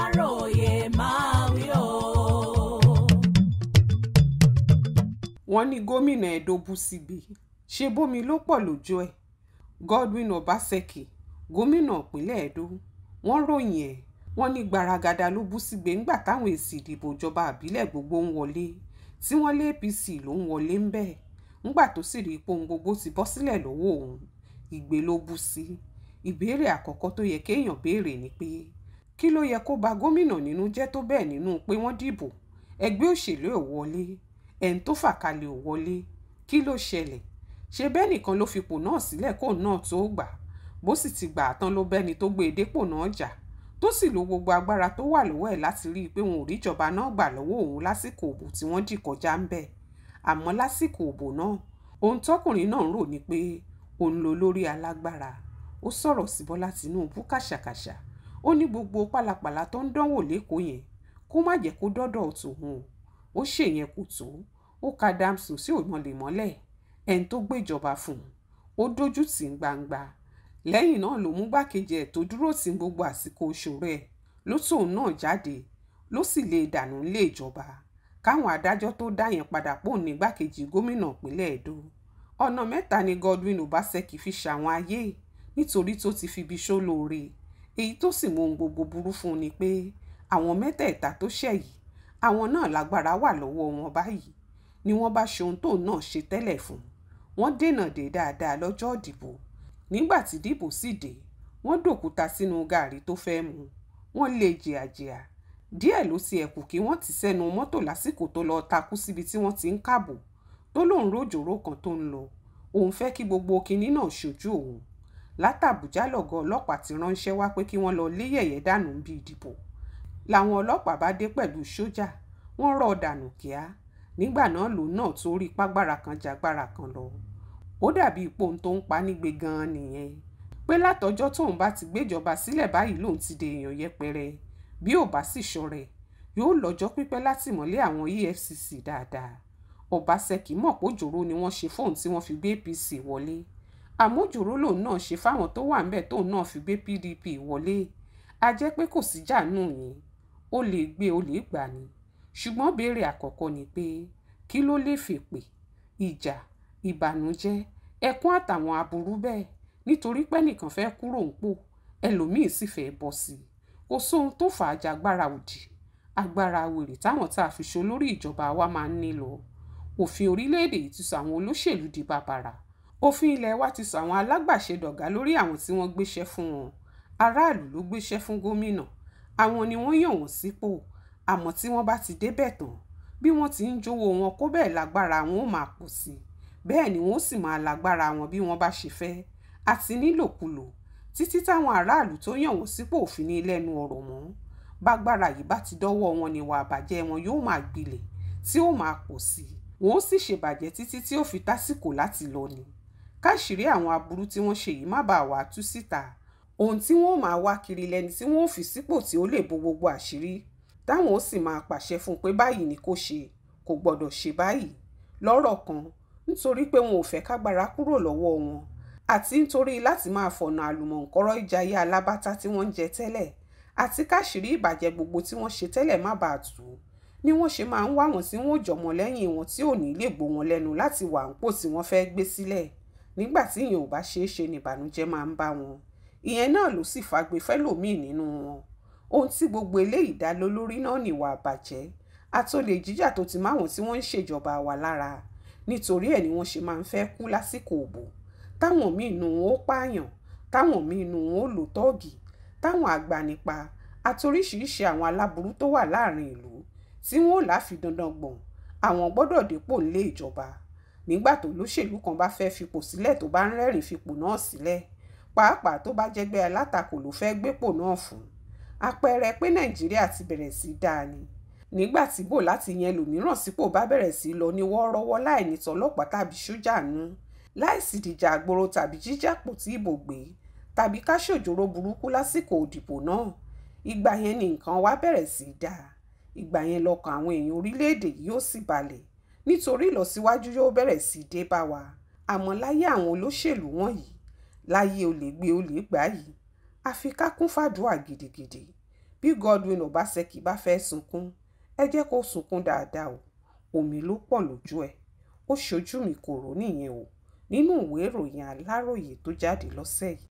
aláròye máa wí o. wọ́n ní gómìnà Edo bú sígbé ṣe bómi ló pọ̀ lójú ẹ̀ Godwin Obaseki gómìnà ìpínlẹ̀ Edo wọ́n ròyìn ẹ̀ wọ́n ní gbaragada ló bú sígbé ńgbà táwọn èsì ìdìbò ìjọba àbílẹ̀ gbogbo ń wọlé tí wọ́n lé APC ló ń wọlé ń bẹ̀ ńgbà tó sì rí ipò gbogbo ti bọ́ sílẹ̀ lọ́wọ́ òun ìgbé ló bú sí ìbéèrè àkọ́kọ́ tó yẹ kéèyàn béèrè ni pé kí ló yẹ kó ba gómìnà nínú jẹ́ tó bẹ́ẹ̀ nínú pé wọ́n dìbò ẹgbẹ́ òṣèlú ò wọlé ẹ̀ń tó fàkalẹ̀ ò wọlé kí ló ṣẹlẹ̀ ṣe bẹ́ẹ̀ nìkan ló fipò náà sílẹ̀ kóun náà tó gbà bó sì ti gbà á tán ló bẹ́ni tó gbé e dépò náà jà tó sì lo gbogbo agbára tó wà lọ́wọ́ ẹ̀ láti rí i pé wọn ò rí ìjọba náà gbà lọ́wọ́ òun lásìkò òbò tí wọ́n dì kọjá ń bẹ̀ àmọ́ lásìkò òbò náà ohun tọkùnrin náà ń rò ní pé òun lo lórí alágbára ó sọ̀rọ̀ sí Bọ́lá Tinubu kàṣàkàṣà ó ní gbogbo pálapàla tó ń dánwò lẹ́kọ̀ọ́ yẹn kó má jẹ́ kó dọ́dọ̀ tòun ó ṣèyẹn kò tó ó ka Damson sí òmọlẹ̀mọ́lẹ̀ ẹni tó gbéjọba fún un ó dójú tì í gbangba lẹ́yìn náà ló mú gbàkejì ẹ̀ tó dúró tì gbogbo àsìkò òṣòro ẹ̀ ló tóun náà jáde ló sì lè e dànù nílé ìjọba káwọn adájọ́ tó dá yẹn padà pò ní gbàkejì gómìnà ìpínlẹ̀ Ẹdó ọ̀nà mẹ́ta ni Godwin Obaseki fi ṣàwọn ayé nítorí tó ti fi ibi ṣó lóore èyí tó sì mú ohun gbogbo burú fún un ni pé àwọn mẹ́tẹ̀ẹ̀ta tó ṣẹ̀ yìí àwọn náà lágbára wà lọ́wọ́ wọn báyìí ni wọ́n bá ṣe ohun tóun náà ṣe tẹ́lẹ̀ fún wọ́n dènà dé dáadáa lọ́jọ́ ìdìbò nígbà tí dìbò sì dé wọ́n dòkúta sínú gàárì tó fẹ́ mu wọ́n lè jìàjìà díẹ̀ ló ti ẹ̀kù kí wọ́n ti sẹ́nu mọ́tò lásìkò tó lọ takú síbi tí wọ́n ti ń kàbò tó lóun rójòró kan tó ń lọ òun fẹ́ kí gbogbo kinní náà ṣojú òun látàbújá lọ̀gọ́ ọlọ́pàá ti ránṣẹ́ wá pé kí wọ́n lọ lé yẹ̀yẹ́ dànù bí ìdìbò làwọn ọlọ́pàá bá dé pẹ̀lú sójà wọ́n rọ̀ dànù kíá nígbà náà lòun náà tó rí págbára kan jagbára kan lọ ó dàbí ipò tó ń pa nígbe gan-an nìyẹn pé látọjọ́ tóun bá ti gbéjọba sílẹ̀ báyìí lòun ti de èèyàn yẹpẹrẹ bí ò bá sì ṣọrẹ yóò lọ́jọ́ pípẹ́ látìmọ́lé àwọn EFCC dáadáa Ọbaṣẹ́kì mọ̀ pé òjòrò ni wọ́n ṣe fóun tí wọ́n fi gbé APC wọlé àmójúró lòun náà ṣe fáwọn tó wà ńbẹ̀ tóun náà fi gbé PDP wọlé a jẹ́ pé kò sí jàánù yẹn ó lè gbé ó lè gbà ni ṣùgbọ́n béèrè àkọ́kọ́ ni pé kí ló lè fèpè ìjà ìbànújẹ́ ẹkún àtàwọn aburú bẹ́ẹ̀ nítorí pẹ́nìkan fẹ́ kúrò ńpò ẹlòmíín sì fẹ́ bọ́ sí i kò sóhun tó fà á jagbára òdì agbára wèrè táwọn tá a fi ṣolórí ìjọba wa máa ń ní lọ òfin orílẹ̀-èdè yìí ti sọ àwọn olóṣèlú di bàbàrà òfin ilé wa ti sọ àwọn alágbàṣe dọ̀gá lórí àwọn tí wọ́n gbéṣẹ́ fún wọn aráàlú ló gbéṣẹ́ fún gómìnà àwọn ni wọ́n yàn wọ́n sípò àmọ́ tí wọ́n bá ti débẹ̀ tán bí wọ́n ti ń jówó wọn kó bẹ́ẹ̀ lágbára wọn ó máa pọ̀ sí i bẹ́ẹ̀ ni wọ́n sì máa lágbára wọn bí wọ́n bá ṣe fẹ́ àti nílòkulò títí táwọn aráàlú tó yàn wọ́n sípò òfin ní lẹ́nu ọ̀rọ̀ mọ́ bágbára yìí bá ti dọ́wọ́ wọn ni ìwà àbàjẹ́ wọn yóò máa gbilẹ̀ tí ó máa pọ̀ sí wọ́n ó sì ṣèbàjẹ́ títí tí ó fi tásìkò láti lọ ni káṣírí àwọn aburú tí wọ́n ṣe yìí má bàa wà tú síta ohun tí wọ́n máa wá kiri lẹ́ni tí wọ́n ò fi sípò tí ó lè bo gbogbo àṣírí táwọn ó sì máa pàṣẹ fún un pé báyìí ni kò ṣe kò gbọ́dọ̀ ṣe báyìí lọ́rọ̀ kan nítorí pé wọn ò fẹ́ kágbára kúrò lọ́wọ́ wọn àti nítorí láti máa fọ̀nà àlùmọ̀ǹkọ́rọ́ ìjayé alábátá tí wọ́n ń jẹ tẹ́lẹ̀ àti káṣírí ìbàjẹ́ gbogbo tí wọ́n ṣe tẹ́lẹ̀ má bàa tù ú ni wọ́n ṣe máa ń wá wọn tí wọ́n jọmọ lẹ́yìn wọn tí ò ní lè gbó wọn lẹ́nu láti wà ń pò tí wọ́n fẹ́ gbé sílẹ̀ nígbà tí ìyẹn ò bá ṣeé ṣe ni ìbànújẹ́ máa ń bá wọn ìyẹn náà ló sì fagbe fẹ́lòmíì nínú wọn ohun tí gbogbo eléyìí dá ló lórí náà nìwà àbàjẹ́ àtòlè jíjà tó ti máwọn tí wọ́n ń ṣèjọba wa lára nítorí ẹ̀ ni wọ́n ṣe máa ń fẹ́ kú lásìkò òbò táwọn míì nù ó pààyàn táwọn míì nù ó lò tọ́ọ̀gì táwọn àgbànípa àtoríṣiríṣi àwọn aláburú tó wà láàrin ìlú tí wọn ò láfi dandan gbọ̀n àwọn gbọ́dọ̀ dépò nílé ìjọba nígbà tó lóṣèlú kan bá fẹ́ fipò sílẹ̀ tó bá ń rẹ́rìn fipò náà sílẹ̀ pàápàá tó bá jẹ́gbẹ́ alátakò ló fẹ́ gbépò náà fún àpẹẹrẹ pé nàìjíríà ti bẹ̀rẹ̀ sí dáa ni nígbà tí bò láti yẹn lòmíràn sípò bá bẹ̀rẹ̀ sí lọ ní wọ́ọ́rọ́wọ́ láì ní tọlọ́pàá tàbí sójà nú láìsí dìjà àgbòrò tàbí jíjàpò tí ìbò gbé tàbí ká ṣòjòrò burúkú lásìkò òdìbò náà ìgbà yẹn ni nǹkan wá bẹ̀rẹ̀ sí dáa ìgbà yẹn lọkàn àwọn èèyàn orílẹ̀-èdè yìí yóò sì balẹ̀ nítorí ìlọsíwájú yóò bẹ̀rẹ̀ sí dé bá wa àmọ́ láyé àwọn olóṣèlú wọ̀nyí láyé olè gbé olè gbá yìí àfi ká kún fàdúrà gidigidi bí Godwin Obaseki bá fẹ́ sunkún ẹ jẹ́ kó sunkún dáadáa o omi ló pọ̀ lójú ẹ̀ ó ṣojú mi kò rò nìyẹn o nínú ìwé ìròyìn Aláròyé tó jáde lọ́sẹ̀ yìí